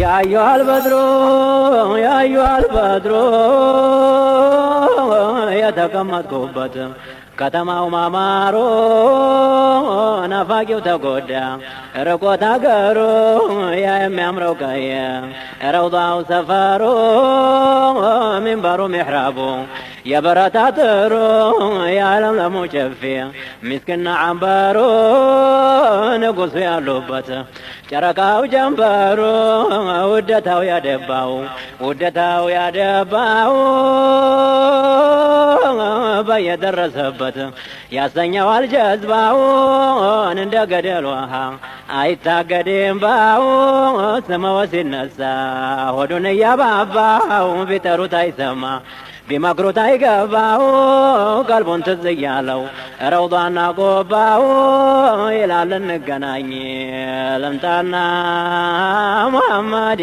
ያዩሃል በድሮ ያዩሃል በድሮ የተቀመጥኩበት ከተማው ማማሮ ናፋቂው ተጎዳ ርቆት አገሩ ያ የሚያምረው ቀየ ረውጣው ሰፈሩ ሚንበሩ ሚሕራቡ የበረታ ጥሩ ለሙ ጨፌ ምስክና አንበሩ ንጉሱ ያሉበት ጨረቃው ጀንበሩ ውደታው ያደባው ውደታው ያደባው በየደረሰበት ያሰኘዋል ጀዝባውን እንደ ገደል ውሃ አይታገድም ባው ስመወ ሲነሳ ሆዱን እያባባው ቢጠሩት አይሰማ ቢመክሩት አይገባው ቀልቡን ትዝ እያለው ረውዷና ጎባው ይላል እንገናኝ ለምጣና ሙሐመድ